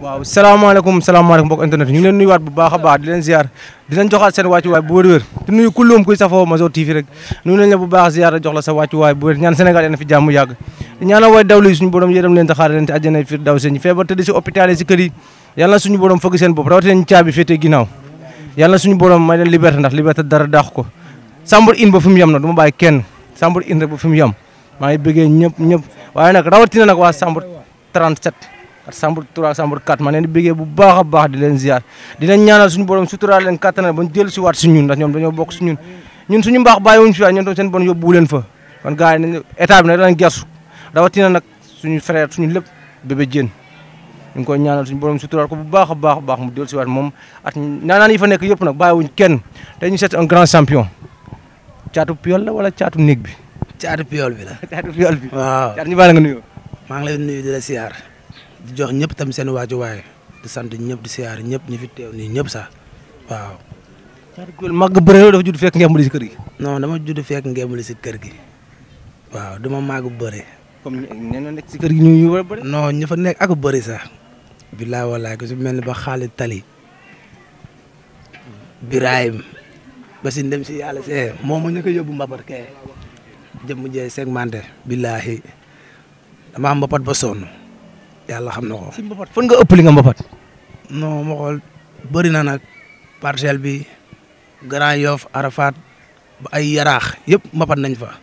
waaw salaamaaleykum salaamaaleykum mbokk internet ñu ngi leen nuyuwaat bu baax a baax di leen ziar di leen joxaat seen wàccuwaay bu wër wër di nuyu kulloom kuy safoo Major TV rek nuyu nañ la bu baax ziar jox la sa wàccuwaay bu wër ñaan Sénégal yéen fi jàmm yàgg ñaanal way dawlu yi suñu borom yërëm leen te xaar leen ci àjjana fi daw seen ñi feebar tëdd si hôpital yi si kër yi yàlla suñu borom fëgg seen bopp rawatina ñu caabi féetee ginnaaw yàlla suñu borom may leen liberté ndax liberté dara daax ko sambur in ba fi mu yem na du ma bàyyi kenn sambur in rek ba fi mu yem maa ngi bëggee ñëpp ñëpp waaye nag rawatina nag waa sambur 37 sambur tura sambur kat mané ma di bu baaxa baax di leen ziar di leen ñaanal suñu borom sutural leen katana ba ñu ci wat waat ñun ndax ñom dañoo bok si ñun ñun suñu mbaax bàyyiwuñ fi ñun ñoom seen bon yobbu leen fa kon gaay yi état bi lañu gessu rawati na nak suñu frère suñu lepp bébé jeen ñu ko ñaanal suñu borom sutural ko bu baaxa baax baax mu dellu ci wat mom at naanaan yi fa nek yëpp nag bàyyiwuñ kenn te ñu un grand champion ciatu piol la wala ciatu neeg bi ciatu piol bi la ciatu piol bi waaw caatu ñu bàyyi la nga nuyu ma ngi lay nuyu di la ziar di jox ñep tam seen waju way di sant ñep di siar ñep ñi fi tew ni ñep sax waaw. Thiatou Guewel màgg bëre dafa judd fekk ngeen ci kër gi. non dama judd fekk ngeen ci kër gi waaw dama màgg bëre. comme neena nek ci kër gi ñu ñu war non ñu fa nekk ak bëri sax. billaay wallaay ko si melni ba khalid tali. ibrahim ba si ndem si yàlla see moom mu ñu ko yóbbu mbapat kee. jëm jee segmenté. billaahi dama am mbapat ba sonu yalla xam na ko. si mbapat nga ëpp li nga mbopat non ma xol bëri na nak parcel bi Grand yof Arafat ba ay yarax yep mbopat nañ fa.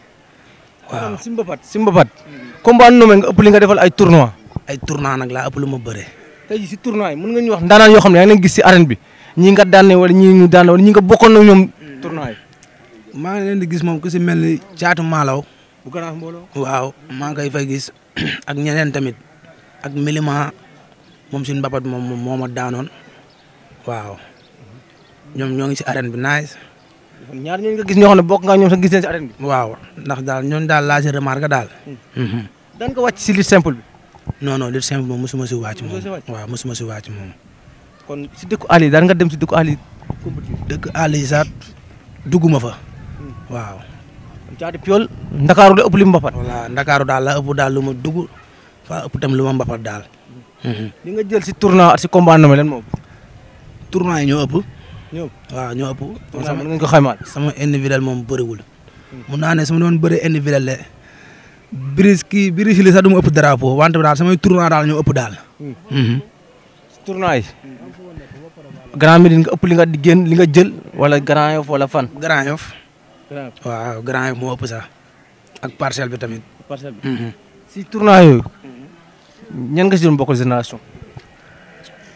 waaw si mbopat si mbopat combat nommé nga ëpp li nga defal ay tournoi. ay tournoi nak la ëpp lu ma bëree. tay ci tournoi mën nga ñu wax ndaanaan yo xam ne yaa gis ci arène bi ñi nga dané wala ñi ñu dané wala ñi nga bokkon ak ñom tournoi ma nga leen di gis mom ku ci melni chatu malaw maalaw. bu garaaf mbolo waaw ma ngi fay gis ak ñeneen tamit. ak Milima moom suñu mbapat moom moom moo ma daanoon waaw ñoom ñoo ngi si arène bi nice. ñaar ñooñu nga gis ñoo xam bokk nga ñoom sax gis nañ si arène bi. waaw ndax daal ñooñu daal laa si remarque daal. Hmm. Mhm. dañ si lutte simple bi. non non lutte simple si wàcc moom. si wàcc moom. kon si dëkku àll yi daan nga dem si dëkku àll yi. dëkk àll yi sax dugguma fa. Hmm. waaw. caati piol. Ndakaaru la ëpp li mu Ndakaaru daal la ëpp daal lu ma dugg. pas ëpp lu ma mbapat daal. Mhm. li nga jël si tournoi ak si combat na ma leen moom. tournoi yi ñoo ëpp. ñoo sama mën nga ko xaymaat hmm. mun naa ne su ma doon bëree individuel la kii brise li sax du ma ëpp drapeau wante daal ñoo ëpp daal. Hmm. Mhm. tournoi yi. Grand Médine nga ëpp li nga li nga jël wala Grand Yoff wala waaw Grand ëpp sax ak parcelle bi tamit. si mhm. tournoi hmm. ñan nga si doon bokkal génération.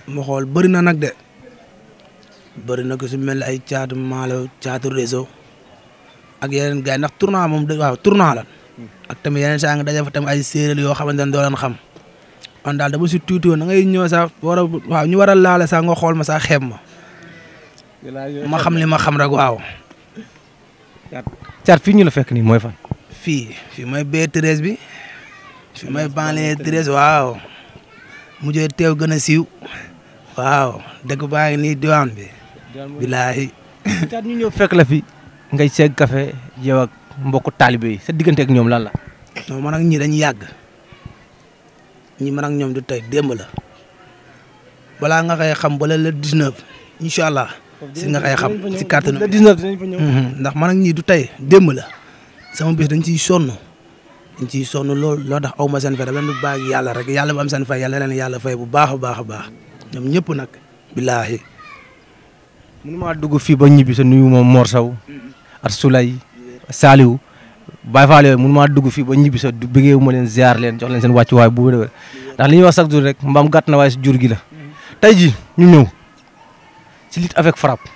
ma xool bëri na nag de bëri na ko su mel ay caatu maalo caatu réseau ak yeneen gars yi ndax tournoi moom waaw tournoi la ak tamit yeneen saa nga daje fa tamit ay séeréer yoo xamante ne doo leen xam man daal dama si tuuti woon da ngay ñëw sax war waaw ñu war laal laale sax xool ma sax xeeb ma. ma xam li ma xam rek waaw. caat fii ñu la fekk nii mooy fan. fii fii mooy B13 bi. samay banlieue treize waaw mujjee teew gën a siiw waaw dëkk baa ngi nii diwaan bi bilaahi fekk la fi ngay seeg kafe yow ak mbokku taalibe sa diggante ñoom lan la non man ak ñi dañu yàgg ñi man ak ñoom du tey démb la balaa nga koy xam bala le 19 incha allah si nga koy xam si kàttanu. le mhm, ndax ma ak ñi du tey démb la sama bis dañ ciy sonn. dañ ciy sonn lool loo tax aw ma seen fay dama leen di bàyyi yàlla rek yàlla bu am seen fay yàlla leen yàlla fay bu baax a baax a baax ñoom ñëpp nag billaahi mënu maa dugg fii ba ñibbi sa nuyu moom Mor Sow ak Soulay Saliou Baye Fall yooyu mënu maa dugg fii ba ñibbi sa du bëggee ma leen ziar leen jox leen seen wàccuwaay bu wér ndax li ñuy wax chaque jour rek mbaam gàtt na waaye si jur gi la tey ji ñu ñëw si lutte avec frappe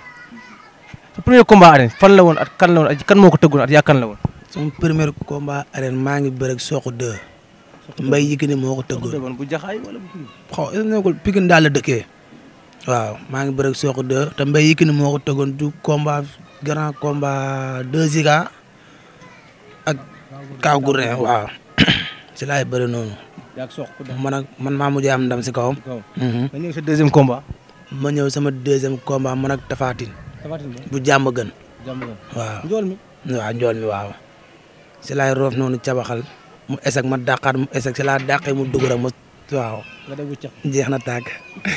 sa premier combat arène fan la woon at kan la woon at kan moo ko tëggoon at yaa kan la woon sama premier combat arène mangi ngi bëreeg Sokh 2. mbay Yékini moko teggul tëggoon bu jaxay wala bu kii. xaw est ce que Pikine daal la waaw maa ngi bëreeg Sokh 2 mbay Yékini moo ko du combat grand combat de Ziga ak Kaw Gourdin waaw. ci lay bëri non yak ngi man ak man ma mujjee am ndam si kawam. ma mhm. ñëw sa deuxième combat. ma ñëw sama deuxième combat man ak tafatine tafatine bu jamm gën. jamm gën waaw ndol mi. waaw ndol mi waaw. si laay roof noonu cabaxal mu esek ma dàqaat mu esek si laa dàqee mu dugg rek ma waaw. jeex na tàgg.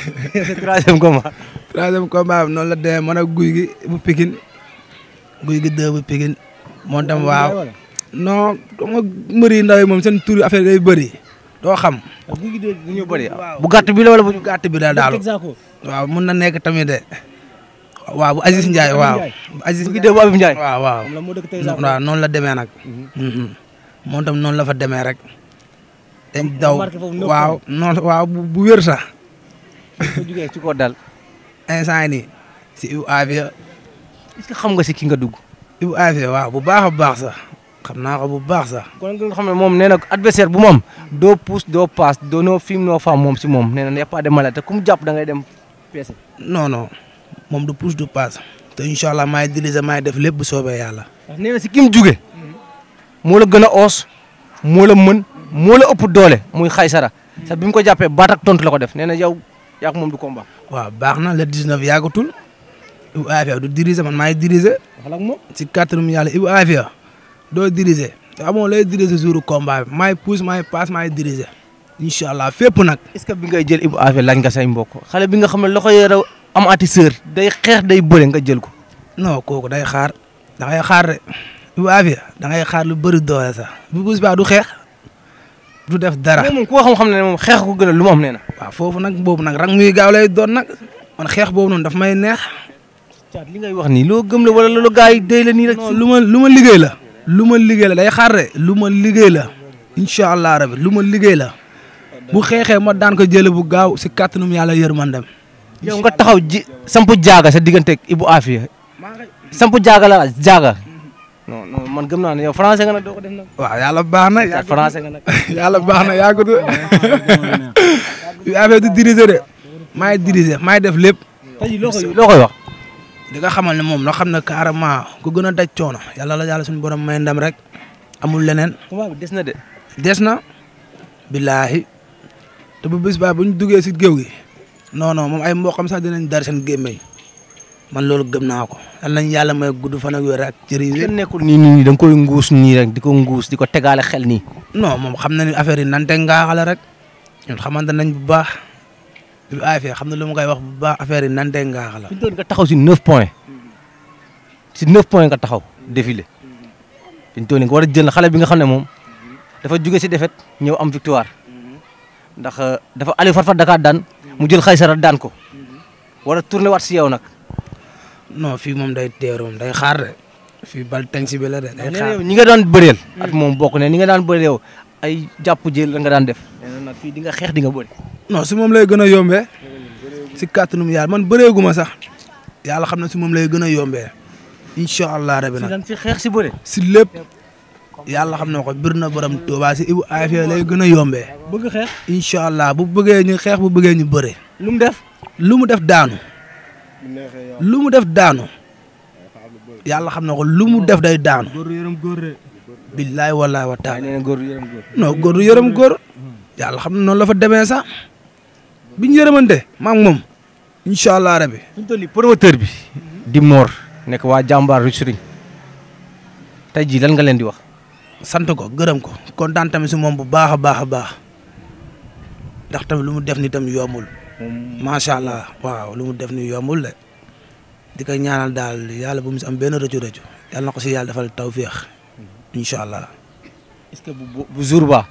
troisième combat. troisième combat bi noonu la demee man ak guy gi bu pikin guy gi deux bu pikin moo waaw. non xam nga mbëri ndaw yi moom seen tur affaire day bëri doo xam. bu ñu bëri bu gàtt bi la wala bu gàtt bi daal. waaw mun na nekk tamit de. waaw bu Aziz Ndiaye waaw. Aziz Ndiaye bu Abib Ndiaye waaw waaw. waaw noonu la demee nag. Mm-hmm. Mm-hmm. moom tam noonu la fa demee rek. dañ daw waaw bu wér sax. bu jugee ci ko instant yii nii si Ibu Afia. est-ce xam nga si ki nga dugg. Ibu Afia waaw bu baax a baax sax. xam naa ko bu baax sax. kon nga xam ne moom nee na adversaire bu moom doo pousse doo passe doo noo film noo faam moom si moom nee na y' a pas de malade te ku mu jàpp da dem peese. non moom du pousse du passe te incha allah maay diriger maay def lépp soobee yàlla. nee si ki mu jugee moo la gën a oos moo la mën moola ëpp doole muy xaysara sa bi ko jàppee baat ak tontu la ko def nee na yow yaa ko moom du combat. baax na le 19 yàggatul Ibou Afia du diriger man maay diriger. waxal ak moom si kàttanum yàlla Ibou Afia doo diriger te amoo lay diriger jour combat bi maay pousse maay passe maay diriger incha allah fépp nag. est ce que bi ngay jël am atisseur day xeex day bëre nga jël ko. non kooku day xaar da ngay xaar de bu avié da ngay xaar lu bari doole sax bu bu subaa du xeex du def dara. mais ko ku waxoon xam ne moom xeex ko gënal lu ma am nee na. waaw foofu nag boobu nag rang muy gaaw doon nag man xeex boobu noonu may neex. li ngay wax nii loo gëm la wala loolu yi day nii lu ma lu ma liggéey la. lu ma liggéey la day xaar de lu ma liggéey la incha allah rabi lu ma liggéey la bu xeexee ma daan ko jëlee bu gaaw si kàttanum yàlla yërmandem. yow nga taxaw ji samp jaga sa diggante ibu Afia sampu jaga la jaga non non man gëm na ne yow français nga na doko def na wa yalla baax na. yaa français nga na yalla baax na ya ko du. affaire du diriger de. may diriger may def lepp tay loo koy loo koy wax. di nga xamal ne mom no xamna karama carrément ku gën daj ciono yalla la yalla suñu borom may ndam rek amul leneen. combat bi des na de. des na. billahi to bu bis ba bu duggé ci gëw gi. non non moom ay mboqam sax dinañ dar seen gémmiñ man loolu gëm naa ko yal nañ yàlla may gudd fan ak wér ak jëriñ. ngeen nekkul nii nii da nga koy nguus nii rek di ko nguus di ko tegaale xel nii. non moom xam na ni affaire yi nante ngaa xala rek ñun xamante nañ bu baax bi affaire xam na lu koy wax bu baax affaire yi nante ngaa xala. fi doon nga taxaw si 9 points si 9 points nga taxaw défilé fi ñu toll nii nga war a jël xale bi nga xam ne moom dafa jugee si défaite ñëw am victoire. ndax euh, dafa Aliou Fat Fat daan mu jël xaysara daan ko war a tourné waat si yow nag. non fii moom day teeroom day xaar de fii bal teng si la de day xaar ñi nga daan bëreel. moom bokk ne ñi nga daan bëreel yow ay jàpp jël la nga daan def. nag di nga xeex di nga bëri. si moom lay gën a yombee si kàttanum yàlla man bëreegu ma sax yàlla xam na si moom lay gën a yombee incha allah rabi nag si xeex si bëri yàlla xam na ko bir na borom Tuubaa si Ibou Afia lay gën a yombee. bëgg xeex incha allah bu bëggee ñu xeex bu bëggee ñu bëre. lu mu def. lu mu def daanu. lu mu def daanu. yàlla xam na ko lu mu def day daanu. billaay wallaay wa taala non góor du yërëm góor. yàlla xam na noon la fa demee sax bi ñu yërëmante maa moom incha allah rabi. fi ñu toll nii bi. di Mor nekk waa jàmbaar Roussirigne tey jii lan nga leen di wax. sant ko gërëm ko kontaan tamit si moom bu baax a baax a baax ndax tamit lu mu def ni tam yombul. macha allah waaw lu mu def ni yombul la di ko ñaanal daal yàlla bu mu si am benn rëccu rëccu yàlla na ko si yàlla defal tawféex incha allah. est que bu jur jour ba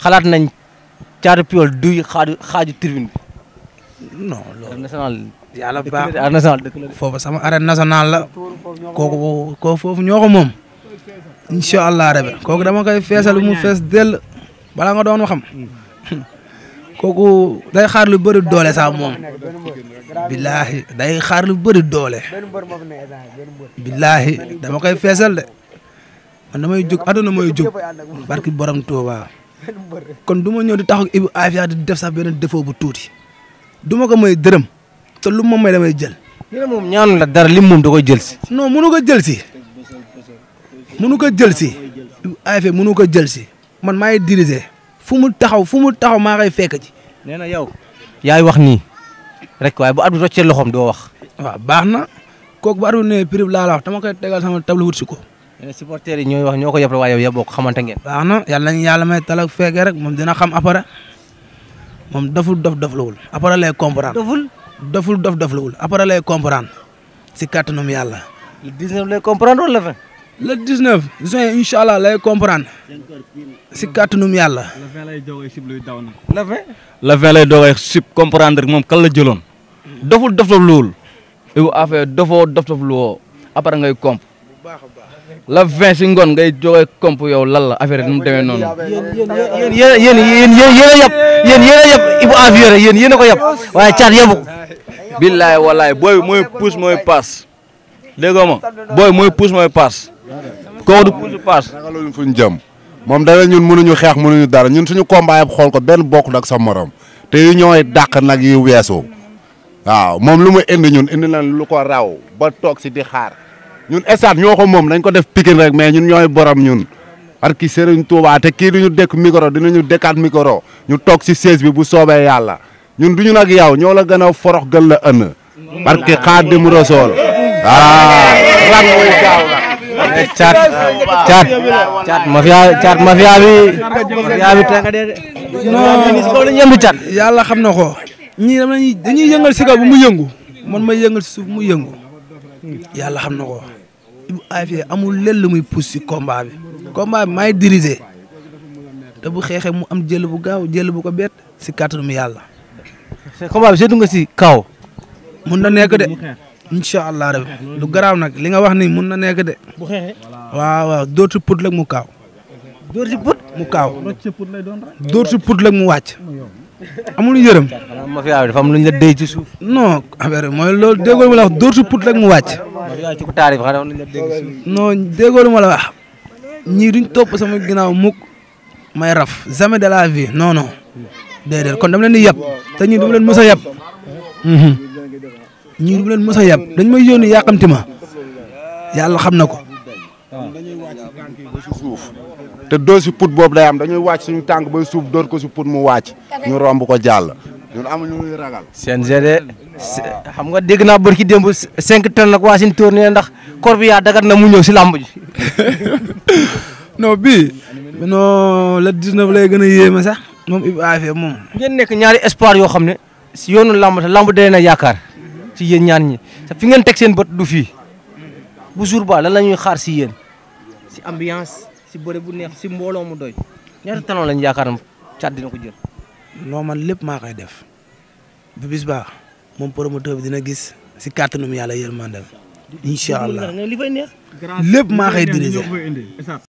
xalaat nañ caatu Piol duy xaaju xaaju tribune bi. non loolu national. yàlla baax foofu sama arène nationale la. foofu ñoo ko incha allah rabi kooku dama koy feesal mu fees del balaa nga doon waxam kooku day xaar lu bëri doole sax moom billaahi day xaar lu bëri doole billaahi dama koy feesal de man damay jóg àdduna mooy jóg barki borom Tuuba kon du ma ñëw di taxaw Ibou Afia di def sax benn défaut bu tuuti du ma ko may dërëm te lu ma may damay jël. yéen moom ñaanu la dara lim koy jël si. non mënu ko jël si AFC mënu ko jël si man maay diriger fu mu taxaw fu mu taxaw maa koy fekk ji. nee na yow yaay wax ni rek waaye bu at bi roccee loxoom doo wax. waaw baax na kook bu at bi nee prix laa la wax dama koy tegal sama table wut si ko. nee na supporters yi ñooy wax ñoo ko yab la waaye yow yaa xamante ngeen. baax na yàlla nañu yàlla may talak fekkee rek moom dina xam après moom daful dof dof lawul après lay comprendre. daful daful dof dof lawul après lay comprendre si kàttanum yàlla. le 19 lay comprendre wala le 19 juin incha allah lay comprendre si kàttanum yàlla. le 20 lay doog a sib luy daw na. le 20. le 20 lay doog a sib comprendre moom kan la jëloon. doful dof dof luwul. yow affaire dofoo dof dof luwoo après ngay comp. le 20 si ngoon ngay jógee comp yow lan la affaire nu mu demee noonu. yéen yéen yéen yéen yéen a yab yéen yéen a yab Ibou Afia rek yéen yéen a ko yab waaye caat yabu. billaay walaay booy mooy puus mooy paas dégg nga ma booy mooy puus mooy paas. kooku du pousse passe. ragaluñu fuñ jëm moom dana ñun mënuñu xeex mënuñu dara ñun suñu combat yëpp xool ko benn bokk ak sa morom te yu ñooy dàq nag yu weesu waaw moom lu mu indi ñun indi nañ lu ko raw ba toog si di xaar ñun stade ñoo ko moom dañ ko def pikin rek mais ñun ñooy borom ñun. barki Serigne Touba te kii ñu dekk dëkk micro dinañu dëkkaat mikoro ñu toog si siège bi bu soobee yàlla ñun ñu nag yow ñoo la gën a forox gën la ënn barki Xaadimu Rasuul ah rang wu gaaw la Eh, caat caat caat mafia caat mafia bi mafia bi tànga dee de. non yàlla xam na ko. ñii dañuy yëngal si kaw bu mu yëngu man may yëngal si suuf mu yëngu yàlla xam na ko. Ibou Afia amul lenn lu muy pousse si combat bi. combat maay diriger te bu xeexee mu am jël bu gaaw jël bu ko bett si kàttanu yàlla. combat bi seetu nga si kaw. mun na nekk de. incha allah rabi lu garaaw nag li nga wax ni mun na nekk de. bu xeexee waaw waaw dóor si put la mu kaaw. dóor si put mu kaaw. dóor si put la mu wàcc. amul yërëm. mafia bi dafa am lu ñu la déy suuf. no affaire mooy loolu déggoo ma la wax dóor si put rek mu wàcc. non déggoo ma la wax ñii duñ topp sama ginnaaw muk may raf jamais de la vie non non déedéet kon dama leen di yab te ñii dama leen mës a yab. Mhm. ñii du leen mos a yab dañ may yónni yàqamti ma yàlla xam na ko. te doo si put boobu day am dañuy wàcc suñu tànk bay suuf dóor ko si put mu wàcc ñu romb ko jàll. ñun amuñu muy ragal. CNG de xam nga dégg naa bërki démb cinq tonnes nag waa sin ndax kor bi dagat na mu ñëw si làmb ji. non bii. non le 19 lay gën a yéeme sax moom Ibrahima moom. ngeen nekk ñaari espoir yoo xam ne yoonu làmb te làmb dalee ci yeen ñaan ñi te fi ngeen tek seen bot du fi bu jour ba lan la ñuy xaar si yeen si ambiance si bëre bu neex si mbolo mu doy. ñaar talon lañu yaakaar ci Thiat ko jël. no man lepp ma koy def bu bis ba mom promoteur bi dina gis si carte num yalla yeul allah lip lepp ma koy diriger.